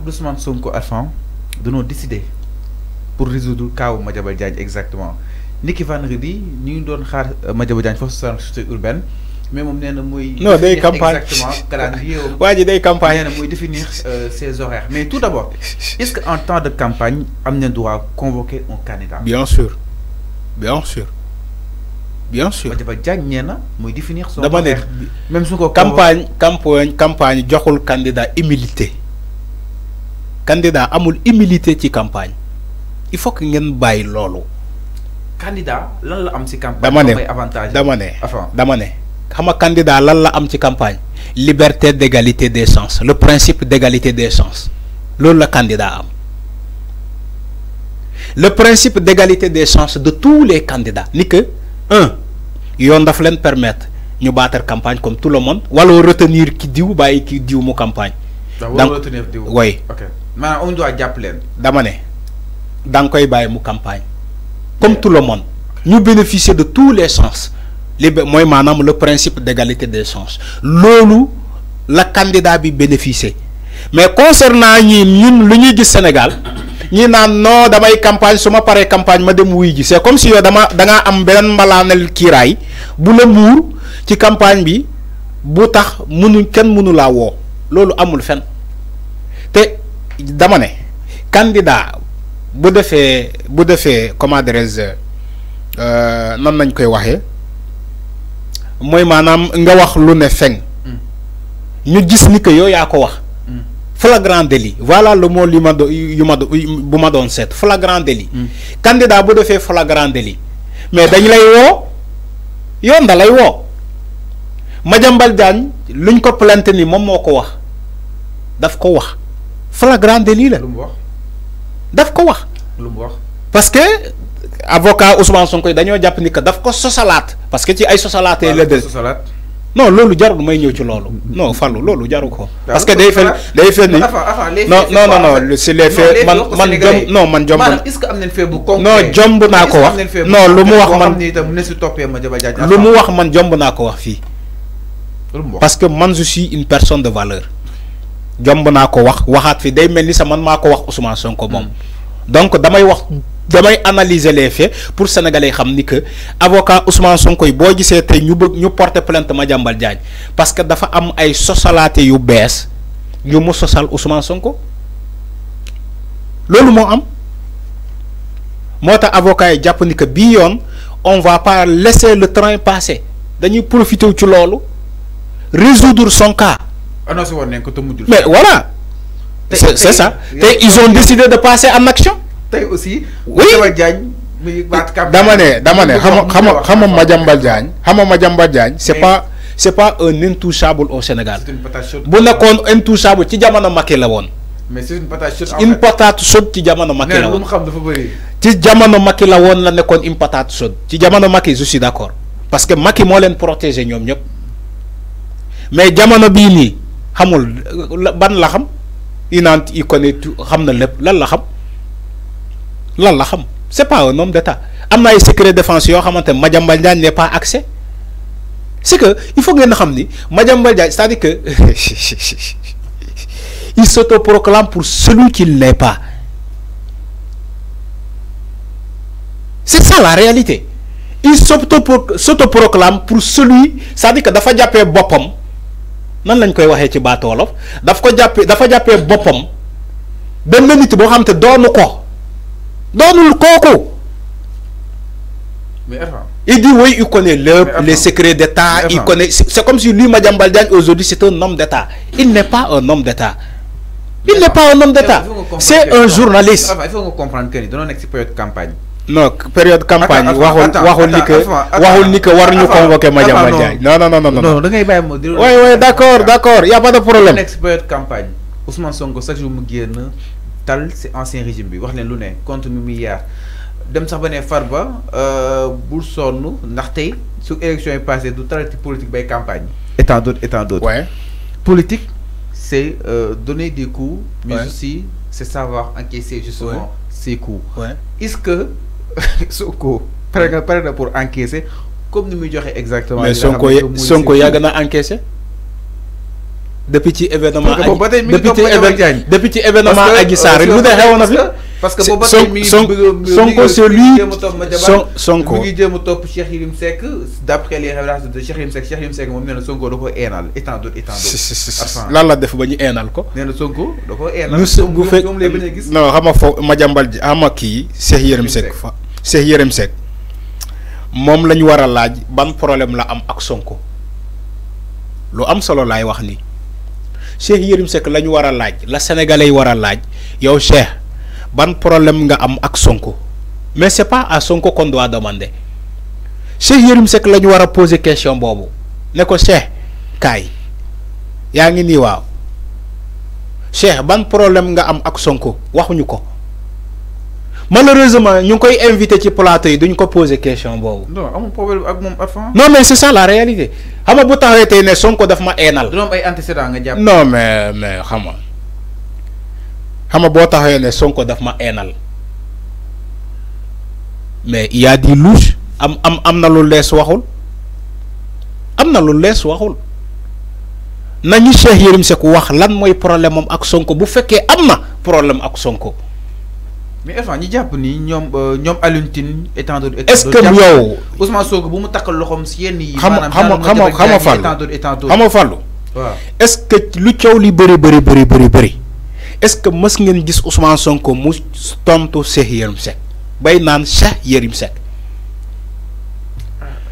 d'Ousmane Sonko de nous décider pour résoudre kaawu Madiambal Diagne exactement niki vendredi ñu ngi doon xaar euh, Madiambal Diagne foofu société urbaine mais moom nee na muy. non day campagne exactement calendrier waa ji définir euh, ses horaires mais tout d'abord est-ce que temps de campagne am doit droit convoquer un candidat. bien sûr bien sûr. bien sûr Madiambal Diagne nee définir son horaire même campagne campagne campagne joxul candidat humilité candidat amul humilité ci campagne il faut que ngeen baye lolo candidat lan la am ci campagne. dama ne avantage. ne dama candidat lan la am ci campagne liberté d'égalité des chances le principe d'égalité des chances le le candidat le principe d'égalité des chances de tous les candidats ni que un yon daf permettre ñu battre campagne comme tout le monde ou alors retenir ki diw ou ki diw mu campagne. Ah, donc retenir oui mais on doit jàpp leen. dama né dang koy baye mu campagne comme tout le monde ñu bénéficier de tous les chances les mooy maanaam le principe d'égalité des chances lolu la candidat bi bénéficier mais concernant ñi ñun lu ñuy gis Sénégal ñi naan non damay campagne suma ma campagne ma dem wuy ji c'est comme si yo dama da nga am benen mbalaanel kiray bu le mur ci campagne bi bu tax mënu ken mënu la wo lolu amul fen té dama ne candidat bu defee bu defee comment dirais-je euh, nan nañ koy waxee mooy maanaam nga wax lu ne feng hmm. ñu gis ni que yow yaa ko wax hmm. flagrant délit voilà le mot li ma do yu ma do bu ma doon seet flagrant délit hmm. candidat bu defee flagrant délit mais dañ lay woo yoon da lay woo Madiambal Diagne luñ ko plainte ni moom moo ko wax daf ko wax flagrant délit la. daf ko wax. lu wax parce que avocat Ousmane Sonko yi dañoo jàpp ni que daf ko sosalaat. parce que ci ay sosalaatee la non lolu jarul may ñew ci lolu. non fallu lolu jaru ko. parce que day fen day fen ni. non non non non c'est les faits man man jom non man jom. Man est-ce que am nañ fait bu concret. non jomb naa ko wax non lu mu wax man lu mu wax man jomb naa ko wax fi. parce que man je suis une personne de valeur jomb na ko wax waxat fi day melni sa man mako ko wax Ousmane Sonko mom donc damay wax damay analyser les faits pour sénégalais yi xam ni que avocat Ousmane Sonko bo gisé gisee ñu ñu porter plainte ma jambal Diagne parce que dafa am ay sosalaate yu bees ñu mu sosal Ousmane Sonko lolu mo am mota avocat japp ni que bi yoon on va pas laisser le train passer dañuy profiter ci lolu résoudre son cas. Ah non woon nañ ko te mujjul. mais voilà. c'est ça tey ils ont décidé de passer en action. tey aussi. oui dama ne dama ne xam nga xam nga Madiambal Diagne xam nga Madiambal Diagne c'est pas c'est pas un intouchable au Sénégal. bu nekkoon intouchable ci jamono Macky la mais c'est une patate chaude une patate chaude ci jamono Macky la woon xam dafa bëri. ci jamono Macky la woon la nekkoon une chaude ci jamono Macky je suis d'accord parce que Macky moo leen protéger ñoom ñëpp mais jamono bii nii xamul ban la xam inant il connaît xam na tout. lan la xam lan la xam c'est pas un homme d'état am na ay secret défense yo xamante ne n'est pas accès c'est que il faut ngeen xam ni Madiambal Diagne c'est-à-dire que il s'autoproclame pour celui qu'il n'est pas c'est ça la réalité il s'autoproclame pour celui c'est-à-dire que dafa jappé bopam nan lañ koy waxé ci baatu wolof daf ko jappé dafa jappé bopam benn nit bo xam te doonu ko doonul koku mais il dit oui il connaît le les secrets d'État il connaît c'est comme si lui Madame Diagne aujourd'hui c'est un homme d'État il n'est pas un homme d'État. il n'est pas un homme d'État c'est un journaliste. il faut comprendre que ni donne nekk ci période campagne non période campagne waxul waxul ni que waxul war ñu convoquer Madiambal Madia. non non non non non da ngay bay ma oui oui d'accord d'accord y a pas de problème nekk période campagne Ousmane Sonko chaque jour mu guen, tal c'est ancien régime bi wax leen lu ne compte mi milliard dem sax ba farba, Farba euh, bul sonu ndax tey su élection est passée du talati politique bay campagne Étant tant d'autres et Ouais. politique c'est euh, donner des coups mais aussi c'est savoir encaisser justement ces coups est-ce que Sonko pare na pare na pour encaisser comme ni muy joxe exactement. mais Sonko Sonko yàgg na encaisser. depuis ci événement aji depuis ci événement aji saar lu ne xewoon na fi. parce que booba mi Sonko c'est lui Sonko mi ngi jéem a Cheikh Yérim Seck d'après les révélations de Cheikh Yérim Seck Cheikh Yérim Seck mom nee na Sonko dako énal eenal et tant d'autres lan la def ba ñu eenal ko néna Sonko dako énal eenal bu fekk non xama nga foofu Madiambal ji ama Cheikh Yérim Seck fa Cheikh Yérim Seck moom lañ war a laaj ban problème la am ak Sonko lu am solo laay wax ni Cheikh Yérim Seck lañ war a laaj la sénégalais yi war a laaj yow Cheikh ban problème nga am ak Sonko mais c'est pas à Sonko qu'on doit demander Cheikh Yérim Seck la ñu war a poser question boobu ne ko Cheikh kaay yaa ngi nii waaw Cheikh ban problème nga am ak Sonko waxuñu ko. malheureusement ñu ngi koy invité ci plateau yi duñ ko poser question boobu. non de problème ak enfant. non mais c'est ça la réalité xam nga bu taxawee tey Sonko daf ma eenal. du am ay antécédents nga jàpp. non mais mais xam nga je nga boo taxawee Sonko daf ma eenal mais il y a des louches. am am am na lu Il waxul a des lu lees waxul nañu Cheikh Yérim Seck wax lan mooy problème am ak Sonko bu y a na problème ak Sonko. mais Irfan ñi jàpp ni ñoom euh, ñoom Alioune Tine étant donné. est-ce que yow Ousmane Sonko bu mu takkal loxoom si yenn yi. maanaam xam xam xam fàllu xam fàllu waaw est-ce que lu coow li bëri bëri bëri bëri bëri est-ce que mës ngeen gis Ousmane Sonko mu tontu Cheikh Yérim Seck bay naan Cheikh Yérim Seck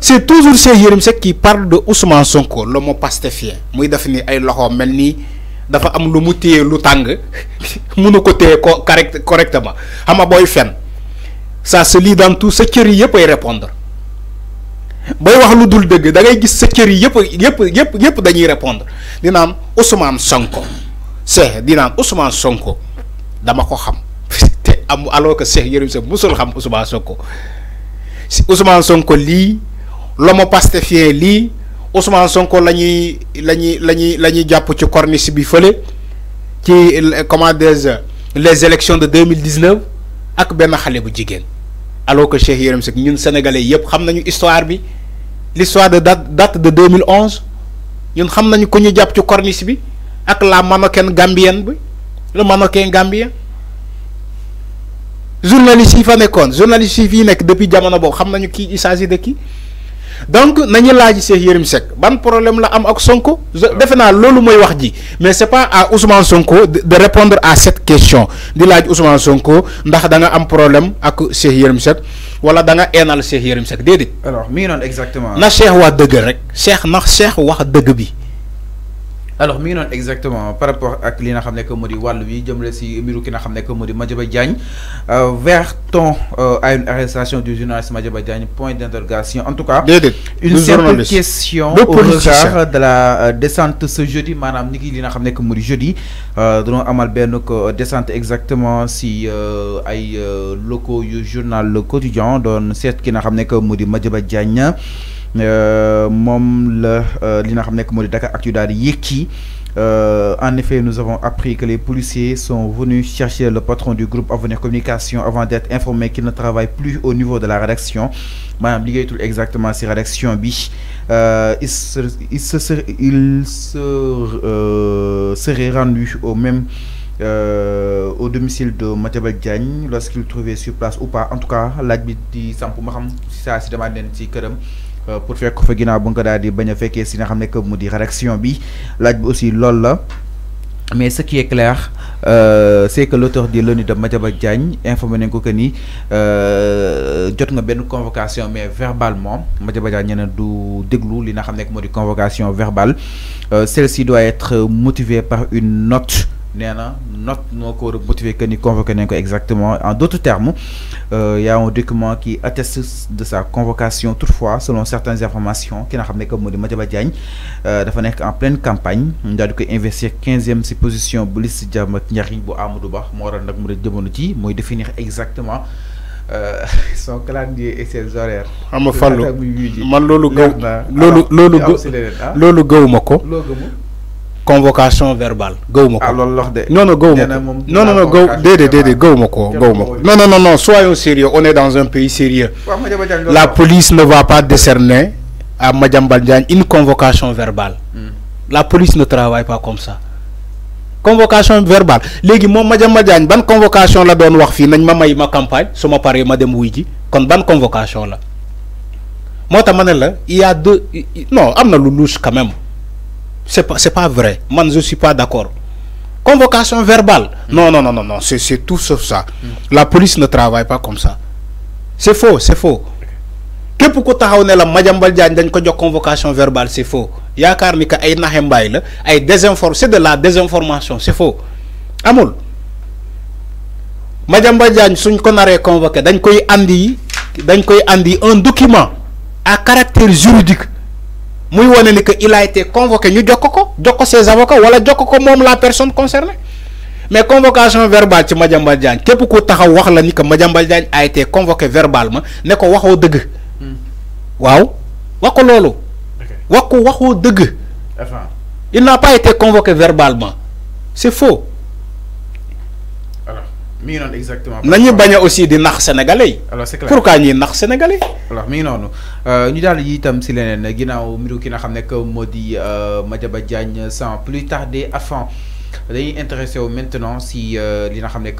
c'est toujours Cheikh Yérim Seck qui par de Ousmane Sonko le mot pastefien muy def ni ay loxoom mel nii. dafa am lu mu téye lu tang mënu ko ko correct correctement xama boy fen ça se lit dans tout ce cër yi yëpp ay répondre Boy wax lu dul deug da ngay gis ce cër yi yëpp yëpp yëpp yëpp dañuy répondre dina am Ousmane Sonko Cheikh dina am Ousmane Sonko dama ko xam té am alors que Cheikh Yérim Seck musul xam Ousmane Sonko Ousmane Sonko li, l'homme pastefien li Ousmane Sonko la lañuy la lañuy la ci corniche bi feulé ci les élections de 2019 ak alors que Cheikh Yérim Seck ñun sénégalais yépp xam histoire bi l'histoire de date date de 2011 ñun xam nañu ku ñu japp ci bi ak la mannequin gambienne le mannequin gambien journaliste yi fa journaliste yi nek depuis jamono s'agit de qui donc nañu laaj Cheikh Yérim Seck ban problème la am ak Sonko. Ah. defe naa loolu wax ji mais c'est pas à Ousmane Sonko de répondre à cette question di laaj Ousmane Sonko ndax da nga am problème ak Cheikh Yérim Seck wala da nga eenal Cheikh Yérim Seck déedéet. alors mi ngi exactement. na Cheikh wax dëgg rek Cheikh na Cheikh wax dëgg bi alors mi non exactement par rapport ak li nga xamné ne que moo di wàllu bi si Miro ki nga xam modi, que moo di Madiambal euh, euh, à une arrestation du journaliste Madiambal Diagne point d'interrogation en tout cas une simple question au regard de la euh, descente ce jeudi madame Niki li nga xamné que jeudi dañoo amal benn ko descente exactement si ay locaux yu journal Le Quotidien doon seet ki nga xamné que moo di Diagne euh, Mme Lina euh, li euh, en effet, nous avons appris que les policiers sont venus chercher le patron du groupe Avenir Communication avant d'être informés qu'il ne travaille plus au niveau de la rédaction. Madame tout exactement, ces rédactions, bi. Euh, il, se, se, rendu au même. au domicile de Mathieu Diagne lorsqu'il trouvait sur place ou pas en tout cas la bi di samp ma euh, pour faire ko fa la bu nga a si que réaction bi laaj aussi loolu mais ce qui est clair euh, c'est que l'auteur le l'ONU de Madjaba Diagne informé ko que ni euh, jot convocation mais verbalement Madjaba Diagne nee na du li que convocation verbale euh, celle-ci doit être motivée par une note nee na note moo ko war a motiver que ni convoqué nañ exactement en d'autres termes il euh, y a un document qui atteste de sa convocation toutefois selon certaines informations qui nga xam ne que moo di Madiaba Diagne euh, dafa nekk en pleine campagne daal di koy investir quinzième si position bu liste jàmmat ñaari bu Amadou Ba moo waral nag mu ne ci mooy définir exactement euh, son calendrier et ses horaires. xam nga fàllu man loolu. gëw loolu ah, loolu ah, gëw loolu convocation verbale ah, non non non non non non non Non non non non non soyons sérieux on est dans un pays sérieux la police ne va pas décerner à non non une convocation verbale hmm. la police ne travaille pas comme ça convocation verbale non non non non non convocation non non non non non ma non campagne non non non non non non convocation non non non Non, il y a deux non quand même c'est pas pas vrai moi je suis pas d'accord convocation verbale mm. non non non non c'est tout sauf ça mm. la police ne travaille pas comme ça c'est faux c'est faux que pourquoi tu la convocation verbale c'est faux as ni que ay la c'est de la désinformation c'est faux Amoul. madame tu suñ ko que convoqué as koy andi un document à caractère juridique muy wane ni que il a été convoqué ñu jokk ko jox ko ses avocats wala jokk ko mom la personne concernée mais convocation verbale ci Madjambal Diagne képp ku taxaw wax la ni que Madjambal Diagne a été convoqué verbalement ne ko waxoo dëgg hmm. waaw wax ko loolu wax ko il n'a pas été convoqué verbalement c'est faux mi ngi exactement. aussi des nax sénégalais alors c'est clair pourquoi des nax sénégalais. alors mi ngi euh Nous daal yi itam si avons ginnaaw mbiru euh nga euh Diagne sans plus tarder afin dañuy maintenant si euh, li